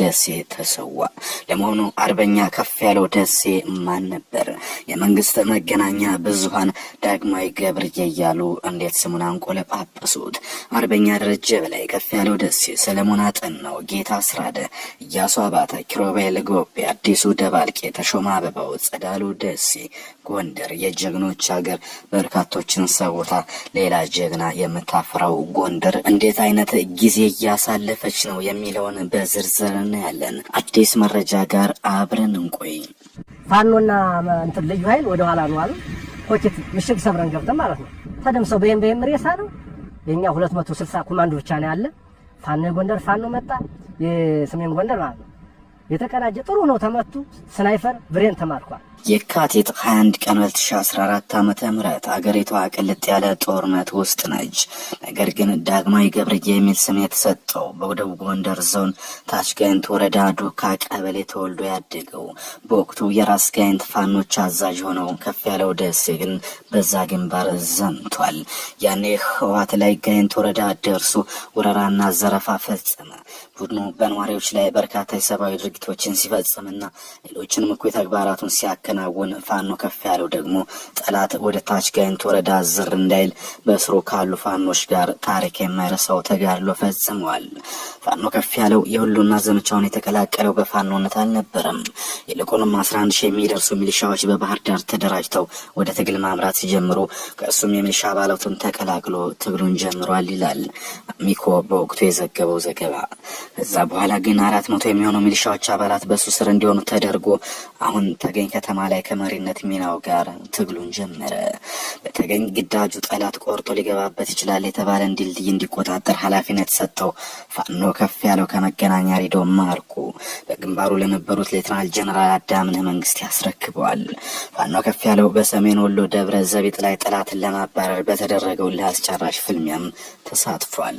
ደሴ ተሰዋ። ለመሆኑ አርበኛ ከፍ ያለው ደሴ ማን ነበር? የመንግስት መገናኛ ብዙሀን ዳግማዊ ገብርዬ እያሉ እንዴት ስሙን አንቆለጳጰሱት? አርበኛ ደረጀ በላይ፣ ከፍ ያለው ደሴ፣ ሰለሞን አጠናው፣ ጌታ አስራደ፣ እያሱ አባተ፣ ኪሮቤል ጎቤ፣ አዲሱ ደባልቄ፣ ተሾመ አበባው፣ ጸዳሉ ደሴ። ጎንደር የጀግኖች ሀገር፣ በርካቶችን ሰውታ ሌላ ጀግና የምታፈራው ጎንደር እንዴት አይነት ጊዜ እያሳለፈች ነው የሚለውን በዝርዝር እናያለን። አዲስ መረጃ ጋር አብረን እንቆይ። ፋኖና እንትን ልዩ ኃይል ወደኋላ ነው አሉ። ኮኬት ምሽግ ሰብረን ገብተን ማለት ነው ተደምሰው በይም በይም ሬሳ ነው። የእኛ 260 ኮማንዶ ብቻ ነው ያለ። ፋኖ የጎንደር ፋኖ መጣ የሰሜን ጎንደር ማለት ነው የተቀናጀ ጥሩ ነው። ተመቱ ስናይፈር ብሬን ተማርኳል። የካቲት 21 ቀን 2014 ዓ ም አገሪቷ ቅልጥ ያለ ጦርነት ውስጥ ነች። ነገር ግን ዳግማዊ ገብርዬ የሚል ስም የተሰጠው በደቡብ ጎንደር ዞን ታች ጋይንት ወረዳ ዱካ ቀበሌ ተወልዶ ያደገው በወቅቱ የራስ ጋይንት ፋኖች አዛዥ ሆነው ከፍ ያለው ደሴ ግን በዛ ግንባር ዘምቷል። ያኔ ህዋት ላይ ጋይንት ወረዳ ደርሶ ወረራና ዘረፋ ፈጸመ። ቡድኑ በነዋሪዎች ላይ በርካታ የሰብአዊ ድርጊቶችን ሲፈጽምና ሌሎችንም እኩይ ተግባራቱን ሲያከናውን ፋኖ ከፍ ያለው ደግሞ ጠላት ወደ ታች ጋይንት ወረዳ ዝር እንዳይል በስሩ ካሉ ፋኖች ጋር ታሪክ የማይረሳው ተጋድሎ ፈጽመዋል። ፋኖ ከፍ ያለው የሁሉና ዘመቻውን የተቀላቀለው በፋኖነት አልነበረም። ይልቁንም አስራ አንድ ሺህ የሚደርሱ ሚሊሻዎች በባህር ዳር ተደራጅተው ወደ ትግል ማምራት ሲጀምሩ ከእሱም የሚሊሻ አባላቱን ተቀላቅሎ ትግሉን ጀምሯል ይላል ሚኮ በወቅቱ የዘገበው ዘገባ። ከዛ በኋላ ግን አራት መቶ የሚሆኑ ሚሊሻዎች አባላት በሱ ስር እንዲሆኑ ተደርጎ አሁን ተገኝ ከተማ ላይ ከመሪነት ሚናው ጋር ትግሉን ጀመረ። በተገኝ ግዳጁ ጠላት ቆርጦ ሊገባበት ይችላል የተባለን ድልድይ እንዲቆጣጠር ኃላፊነት ሰጠው። ፋኖ ከፍ ያለው ከመገናኛ ሬዲዮ ማርኩ በግንባሩ ለነበሩት ሌትናል ጀነራል አዳምነህ መንግስት ያስረክበዋል። ፋኖ ከፍ ያለው በሰሜን ወሎ ደብረ ዘቢጥ ላይ ጠላትን ለማባረር በተደረገው ለአስጨራሽ ፍልሚያም ተሳትፏል።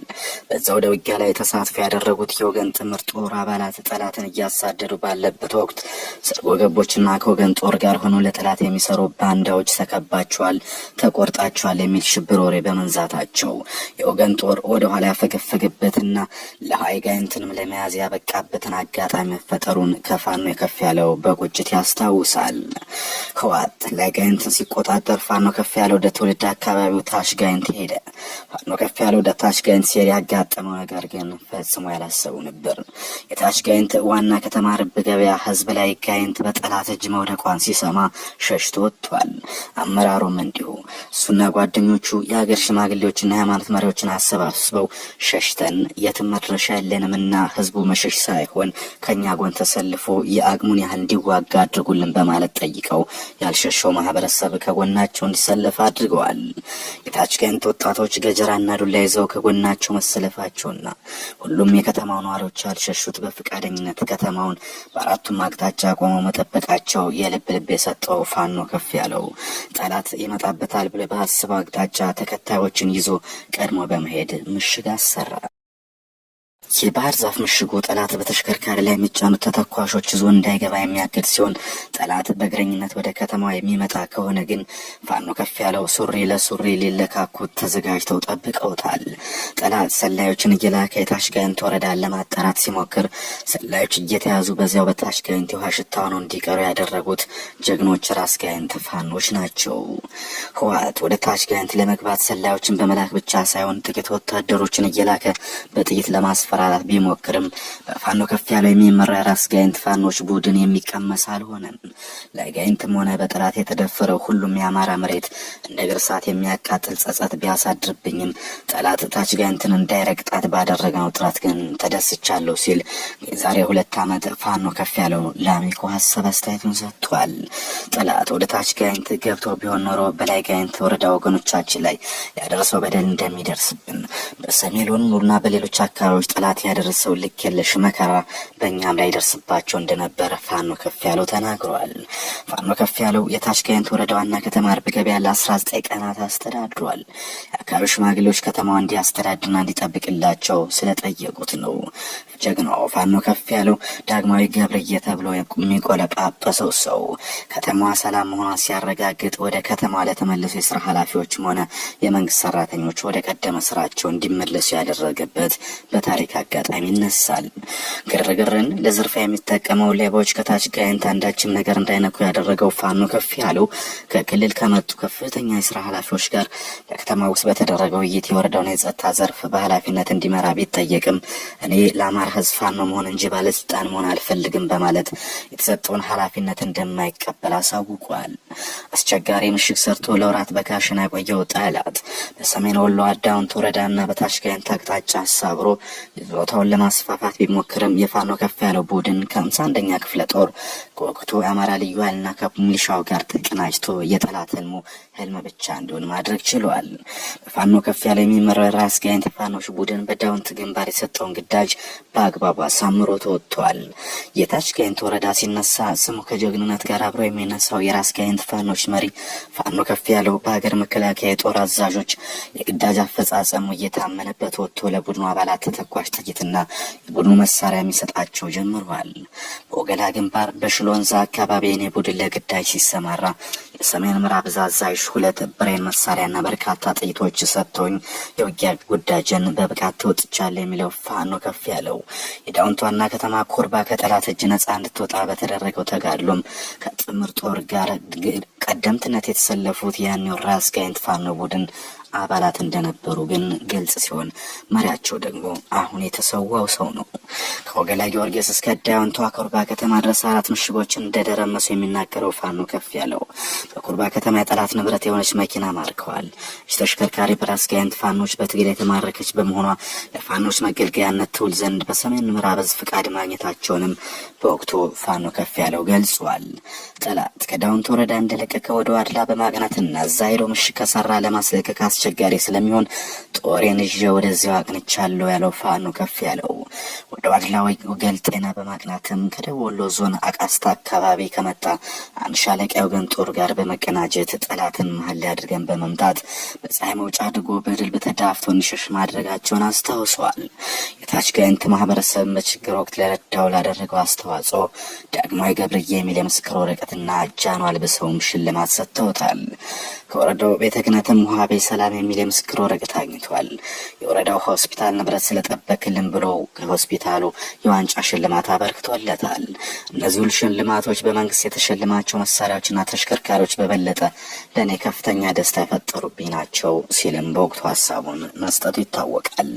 በዛው ደውጊያ ላይ ተሳትፎ ያደረጉት የወገን ጥምር ጦር አባላት ጠላትን እያስ እየተሳደዱ ባለበት ወቅት ሰርጎ ገቦችና ከወገን ጦር ጋር ሆነው ለጠላት የሚሰሩ ባንዳዎች ተከባችኋል፣ ተቆርጣችኋል የሚል ሽብር ወሬ በመንዛታቸው የወገን ጦር ወደኋላ ያፈገፈገበትና ለሀይጋይንትንም ለመያዝ ያበቃበትን አጋጣሚ መፈጠሩን ከፋኖ የከፍ ያለው በቁጭት ያስታውሳል። ህወሓት ለጋይንትን ሲቆጣጠር ፋኖ ከፍ ያለው ወደ ትውልድ አካባቢው ታሽ ጋይንት ሄደ። ፋኖ ከፍ ያለው ወደ ታሽ ጋይንት ሲሄድ ያጋጠመው ነገር ግን ፈጽሞ ያላሰቡ ነበር። የታሽ ጋይንት ዋና የከተማ ርብ ገበያ ህዝብ ላይ ጋይንት በጠላት እጅ መውደቋን ሲሰማ ሸሽቶ ወጥቷል። አመራሩም እንዲሁ እሱና ጓደኞቹ የሀገር ሽማግሌዎችና የሃይማኖት መሪዎችን አሰባስበው ሸሽተን የትም መድረሻ የለንምና ህዝቡ መሸሽ ሳይሆን ከእኛ ጎን ተሰልፎ የአቅሙን ያህል እንዲዋጋ አድርጉልን በማለት ጠይቀው ያልሸሸው ማህበረሰብ ከጎናቸው እንዲሰለፍ አድርገዋል። የታች ቀንት ወጣቶች ገጀራና ዱላ ይዘው ከጎናቸው መሰለፋቸውና ሁሉም የከተማው ነዋሪዎች ያልሸሹት በፍቃደኝነት ከተማውን በአራቱም አቅጣጫ ቆመው መጠበቃቸው የልብ ልብ የሰጠው ፋኖ ከፍ ያለው ጠላት ይመጣበታል ብለ በአስበው አቅጣጫ ተከታዮችን ይዞ ቀድሞ በመሄድ ምሽግ አሰራ። የባህር ዛፍ ምሽጉ ጠላት በተሽከርካሪ ላይ የሚጫኑት ተተኳሾች ዞን እንዳይገባ የሚያግድ ሲሆን ጠላት በእግረኝነት ወደ ከተማዋ የሚመጣ ከሆነ ግን ፋኖ ከፍ ያለው ሱሪ ለሱሪ ሊለካኩት ተዘጋጅተው ጠብቀውታል። ጠላት ሰላዮችን እየላከ የታሽጋይንት ወረዳን ለማጣራት ሲሞክር ሰላዮች እየተያዙ በዚያው በታሽጋይንት ውሃ ሽታ ነው እንዲቀሩ ያደረጉት ጀግኖች ራስጋይንት ፋኖች ናቸው። ህወሓት ወደ ታሽጋይንት ለመግባት ሰላዮችን በመላክ ብቻ ሳይሆን ጥቂት ወታደሮችን እየላከ በጥይት ለማስፋ ለማስፈራራት ቢሞክርም በፋኖ ከፍ ያለው የሚመራ የራስ ጋይንት ፋኖች ቡድን የሚቀመስ አልሆነም። ለጋይንትም ሆነ በጠላት የተደፈረው ሁሉም የአማራ መሬት እንደ እግር ሰዓት የሚያቃጥል ጸጸት ቢያሳድርብኝም ጠላት ታች ጋይንትን እንዳይረግጣት ባደረግነው ጥረት ግን ተደስቻለሁ ሲል የዛሬ ሁለት ዓመት ፋኖ ከፍ ያለው ለአሚኮ ሀሳብ አስተያየቱን ሰጥቷል። ጠላት ወደ ታች ጋይንት ገብቶ ቢሆን ኖሮ በላይ ጋይንት ወረዳ ወገኖቻችን ላይ ያደረሰው በደል እንደሚደርስብን በሰሜን ወሎ በሌሎች አካባቢዎች ጠላት ጠላት ያደረሰው ልክ የለሽ መከራ በእኛም ላይ ደርስባቸው እንደነበረ ፋኖ ከፍ ያለው ተናግሯል። ፋኖ ከፍ ያለው የታች ጋይንት ወረዳ ዋና ከተማ አርብ ገበያ ለ19 ቀናት አስተዳድሯል። የአካባቢው ሽማግሌዎች ከተማዋ እንዲያስተዳድርና እንዲጠብቅላቸው ስለጠየቁት ነው። ጀግናው ፋኖ ከፍ ያለው ዳግማዊ ገብርዬ ተብሎ የሚቆለጳጰሰው ሰው ከተማዋ ሰላም መሆኗ ሲያረጋግጥ ወደ ከተማ ለተመለሱ የስራ ኃላፊዎችም ሆነ የመንግስት ሰራተኞች ወደ ቀደመ ስራቸው እንዲመለሱ ያደረገበት በታሪክ አጋጣሚ ይነሳል። ግርግርን ለዝርፊያ የሚጠቀመው ሌቦች ከታች ጋይንት አንዳችም ነገር እንዳይነኩ ያደረገው ፋኖ ከፍ ያለው ከክልል ከመጡ ከፍተኛ የስራ ኃላፊዎች ጋር በከተማ ውስጥ በተደረገው ውይይት የወረዳውን የጸጥታ ዘርፍ በኃላፊነት እንዲመራ ቢጠየቅም እኔ ለአማራ ህዝብ ፋኖ መሆን እንጂ ባለስልጣን መሆን አልፈልግም በማለት የተሰጠውን ኃላፊነት እንደማይቀበል አሳውቋል። አስቸጋሪ ምሽግ ሰርቶ ለወራት በካሽን ያቆየው ጠላት በሰሜን ወሎ አዳውንት ወረዳና በታች ጋይንት አቅጣጫ አሳብሮ ሮታውን ለማስፋፋት ቢሞክርም የፋኖ ከፍ ያለው ቡድን ከሃምሳ አንደኛ ክፍለ ጦር ከወቅቱ የአማራ ልዩ ኃይልና ከሚሊሻው ጋር ተቀናጅቶ የጠላት ህልሙ ህልም ብቻ እንዲሆን ማድረግ ችሏል። በፋኖ ከፍ ያለው የሚመራው ራስ ጋይንት የፋኖች ቡድን በዳውንት ግንባር የሰጠውን ግዳጅ በአግባቡ አሳምሮ ተወጥቷል። የታች ጋይንት ወረዳ ሲነሳ ስሙ ከጀግንነት ጋር አብሮ የሚነሳው የራስ ጋይንት ፋኖች መሪ ፋኖ ከፍ ያለው በሀገር መከላከያ የጦር አዛዦች የግዳጅ አፈጻጸሙ እየታመነበት ወጥቶ ለቡድኑ አባላት ተተኳሽ ጥይትና የቡድኑ መሳሪያ የሚሰጣቸው ጀምሯል በወገዳ ግንባር በሽሎ ወንዝ አካባቢ የኔ ቡድን ለግዳጅ ሲሰማራ የሰሜን ምዕራብ ዛዛዥ ሁለት ብሬን መሳሪያና በርካታ ጥይቶች ሰጥቶኝ የውጊያ ጉዳጅን በብቃት ተወጥቻለሁ የሚለው ፋኖ ከፍ ያለው የዳውንት ዋና ከተማ ኮርባ ከጠላት እጅ ነጻ እንድትወጣ በተደረገው ተጋድሎም ከጥምር ጦር ጋር ቀደምትነት የተሰለፉት ያኔው ራስ ጋይንት ፋኖ ቡድን አባላት እንደነበሩ ግን ግልጽ ሲሆን መሪያቸው ደግሞ አሁን የተሰዋው ሰው ነው። ከወገላ ጊዮርጊስ እስከ ዳያንቱ ኮርባ ከተማ ድረስ አራት ምሽጎችን እንደደረመሱ የሚናገረው ፋኖ ከፍ ያለው በኩርባ ከተማ የጠላት ንብረት የሆነች መኪና ማርከዋል። ተሽከርካሪ በራስ ጋይንት ፋኖች በትግል የተማረከች በመሆኗ ለፋኖች መገልገያነት ትውል ዘንድ በሰሜን ምዕራብ ዕዝ ፍቃድ ማግኘታቸውንም በወቅቱ ፋኖ ከፍ ያለው ገልጿል። ጠላት ከዳውንት ወረዳ እንደለቀቀ ወደ ዋድላ በማቅናትና እዛ ሄዶ ምሽግ ከሰራ ለማስለቀቅ አስቸጋሪ ስለሚሆን ጦሬን ይዤ ወደዚያው አቅንቻለሁ ያለው ፋኖ ከፍ ያለው ወደ ዋድላ ወገል ጤና በማቅናትም ከደቡብ ወሎ ዞን አቃስታ አካባቢ ከመጣ አንድ ሻለቃ ወገን ጦር ጋር በመቀናጀት ጠላትን መሀል አድርገን በመምታት በፀሐይ መውጫ አድጎ በድል በተዳፍቶ እንሸሽ ማድረጋቸውን አስታውሰዋል። ከታች ጋይንት ማህበረሰብ በችግር ወቅት ለረዳው ላደረገው አስተዋጽኦ ዳግማዊ ገብርዬ የሚል የምስክር ወረቀትና እጃኑ አልብሰውም ሽልማት ሰጥተውታል። ከወረዳው ቤተ ክህነትም ውሃቤ ሰላም የሚል የምስክር ወረቀት አግኝቷል። የወረዳው ሆስፒታል ንብረት ስለጠበቅልን ብሎ ከሆስፒታሉ የዋንጫ ሽልማት አበርክቶለታል። እነዚሁ ሽልማቶች በመንግስት የተሸልማቸው መሳሪያዎችና ተሽከርካሪዎች በበለጠ ለእኔ ከፍተኛ ደስታ የፈጠሩብኝ ናቸው ሲልም በወቅቱ ሀሳቡን መስጠቱ ይታወቃል።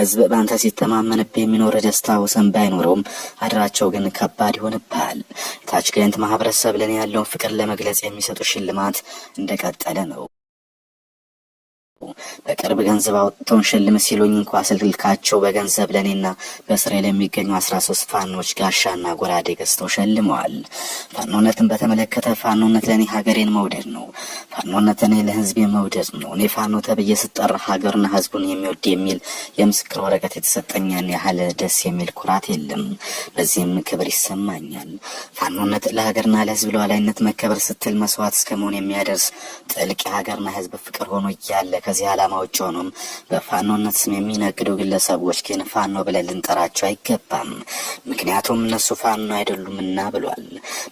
ህዝብ በአንተ ሲተማመንብ የሚኖረ ደስታ ውሰን ባይኖረውም አድራቸው ግን ከባድ ይሆንብሃል። የታች ጋይንት ማህበረሰብ ለእኔ ያለውን ፍቅር ለመግለጽ የሚሰጡ ሽልማት እንደቀጠለ ነው። በቅርብ ገንዘብ አውጥተውን ሸልም ሲሉኝ እንኳ ስልካቸው በገንዘብ ለእኔና በእስራኤል የሚገኙ አስራ ሶስት ፋኖች ጋሻና ጎራዴ ገዝተው ሸልመዋል። ፋኖነትን በተመለከተ ፋኖነት ለእኔ ሀገሬን መውደድ ነው። ፋኖነት እኔ ለህዝቤ መውደድ ነው። እኔ ፋኖ ተብዬ ስጠራ ሀገርና ህዝቡን የሚወድ የሚል የምስክር ወረቀት የተሰጠኛን ያህል ደስ የሚል ኩራት የለም። በዚህም ክብር ይሰማኛል። ፋኖነት ለሀገርና ለህዝብ ለዋላይነት መከበር ስትል መስዋዕት እስከመሆን የሚያደርስ ጥልቅ የሀገርና ህዝብ ፍቅር ሆኖ እያለ ከዚህ ዓላማ ከዓላማ ሆኖም በፋኖነት ስም የሚነግዱ ግለሰቦች ግን ፋኖ ብለን ልንጠራቸው አይገባም፣ ምክንያቱም እነሱ ፋኖ አይደሉምና ብሏል።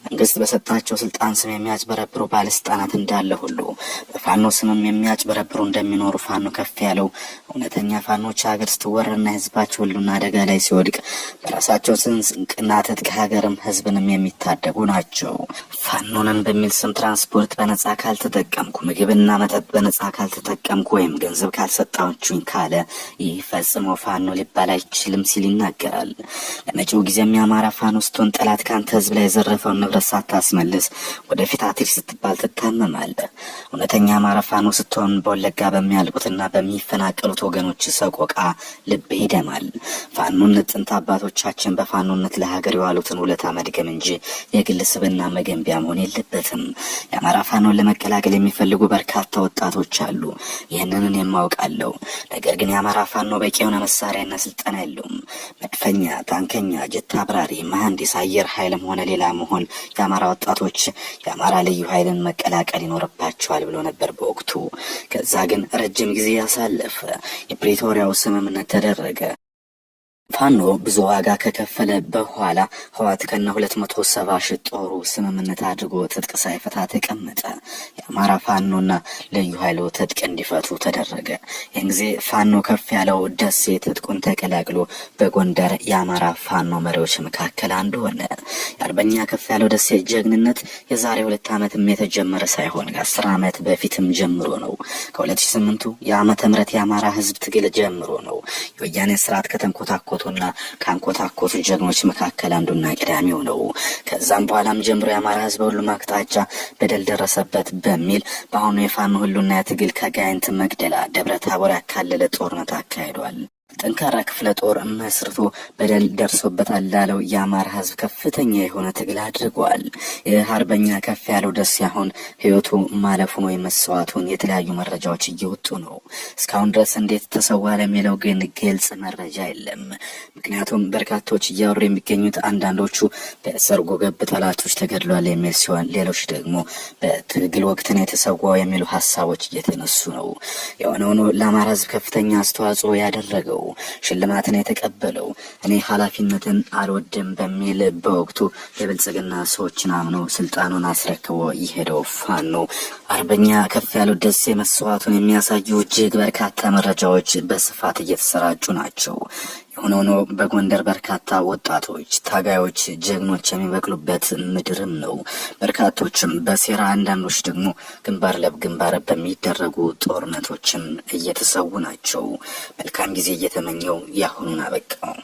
መንግስት በሰጣቸው ስልጣን ስም የሚያጭበረብሩ ባለስልጣናት እንዳለ ሁሉ በፋኖ ስምም የሚያጭበረብሩ እንደሚኖሩ ፋኖ ከፍ ያለው እውነተኛ ፋኖች ሀገር ስትወረና ህዝባቸው ሁሉና አደጋ ላይ ሲወድቅ በራሳቸው ስንቅና ትጥቅ ሀገርም ህዝብንም የሚታደጉ ናቸው። ፋኖንን በሚል ስም ትራንስፖርት በነጻ ካልተጠቀምኩ፣ ምግብና መጠጥ በነጻ ካልተጠቀምኩ ወይም ገንዘብ ካልሰጣችሁኝ ካለ ይህ ፈጽሞ ፋኖ ሊባል አይችልም ሲል ይናገራል። ለመጪው ጊዜም የአማራ ፋኖ ስትሆን ጠላት ካንተ ህዝብ ላይ የዘረፈውን ንብረት ሳታስመልስ ወደፊት አትሪ ስትባል ትታመማለህ። እውነተኛ የአማራ ፋኖ ስትሆን በወለጋ በሚያልቁትና በሚፈናቀሉት ወገኖች ሰቆቃ ልብ ይደማል። ፋኖነት ጥንት አባቶቻችን በፋኖነት ለሀገር የዋሉትን ውለታ መድገም እንጂ የግል ስብና መገንቢያ መሆን የለበትም። የአማራ ፋኖን ለመቀላቀል የሚፈልጉ በርካታ ወጣቶች አሉ። ይህንንን የማውቃለው። ነገር ግን የአማራ ፋኖ በቂ የሆነ መሳሪያና ስልጠና የለውም። መድፈኛ፣ ታንከኛ፣ ጀት አብራሪ፣ መሐንዲስ፣ አየር ኃይልም ሆነ ሌላ መሆን የአማራ ወጣቶች የአማራ ልዩ ኃይልን መቀላቀል ይኖርባቸዋል ብሎ ነበር ነበር በወቅቱ። ከዛ ግን ረጅም ጊዜ ያሳለፈ የፕሪቶሪያው ስምምነት ተደረገ። ፋኖ ብዙ ዋጋ ከከፈለ በኋላ ህዋት ከነ ሁለት መቶ ሰባ ጦሩ ስምምነት አድርጎ ትጥቅ ሳይፈታ ተቀመጠ። የአማራ ፋኖና ልዩ ኃይሉ ትጥቅ እንዲፈቱ ተደረገ። ይህን ጊዜ ፋኖ ከፍ ያለው ደሴ ትጥቁን ተቀላቅሎ በጎንደር የአማራ ፋኖ መሪዎች መካከል አንዱ ሆነ። የአርበኛ ከፍ ያለው ደሴ ጀግንነት የዛሬ ሁለት ዓመትም የተጀመረ ሳይሆን ከአስር ዓመት በፊትም ጀምሮ ነው። ከሁለት ሺህ ስምንቱ የዓመተ ምህረት የአማራ ህዝብ ትግል ጀምሮ ነው። የወያኔ ስርዓት ከተንኮታ ካንኮቶና ካንኮታኮቱ ጀግኖች መካከል አንዱና ቀዳሚው ነው። ከዛም በኋላም ጀምሮ የአማራ ህዝብ ሁሉም አቅጣጫ በደል ደረሰበት በሚል በአሁኑ የፋኖ ህሉና የትግል ከጋይንት መቅደላ ደብረ ታቦር ያካለለ ጦርነት አካሂዷል። ጠንካራ ክፍለ ጦር መስርቶ በደል ደርሶበታል ላለው የአማራ ህዝብ ከፍተኛ የሆነ ትግል አድርጓል። የአርበኛ ከፍ ያለው ደስ ያሁን ህይወቱ ማለፉን ወይም መሰዋቱን የተለያዩ መረጃዎች እየወጡ ነው። እስካሁን ድረስ እንዴት ተሰዋ ለሚለው ግን ግልጽ መረጃ የለም። ምክንያቱም በርካቶች እያወሩ የሚገኙት አንዳንዶቹ በሰርጎ ገብ ጠላቶች ተገድሏል የሚል ሲሆን፣ ሌሎች ደግሞ በትግል ወቅትን የተሰዋው የሚሉ ሀሳቦች እየተነሱ ነው። የሆነውኑ ሆኖ ለአማራ ሕዝብ ከፍተኛ አስተዋጽኦ ያደረገው ነው ሽልማትን የተቀበለው። እኔ ኃላፊነትን አልወድም በሚል በወቅቱ የብልጽግና ሰዎችን አምኖ ስልጣኑን አስረክቦ የሄደው ፋኖ አርበኛ ከፍ ያለው ደሴ መስዋዕቱን የሚያሳዩ እጅግ በርካታ መረጃዎች በስፋት እየተሰራጩ ናቸው። የሆነ ሆኖ በጎንደር በርካታ ወጣቶች፣ ታጋዮች፣ ጀግኖች የሚበቅሉበት ምድርም ነው። በርካቶችም በሴራ አንዳንዶች ደግሞ ግንባር ለብ ግንባር በሚደረጉ ጦርነቶችም እየተሰዉ ናቸው። መልካም ጊዜ እየተመኘው ያሁኑን አበቃው።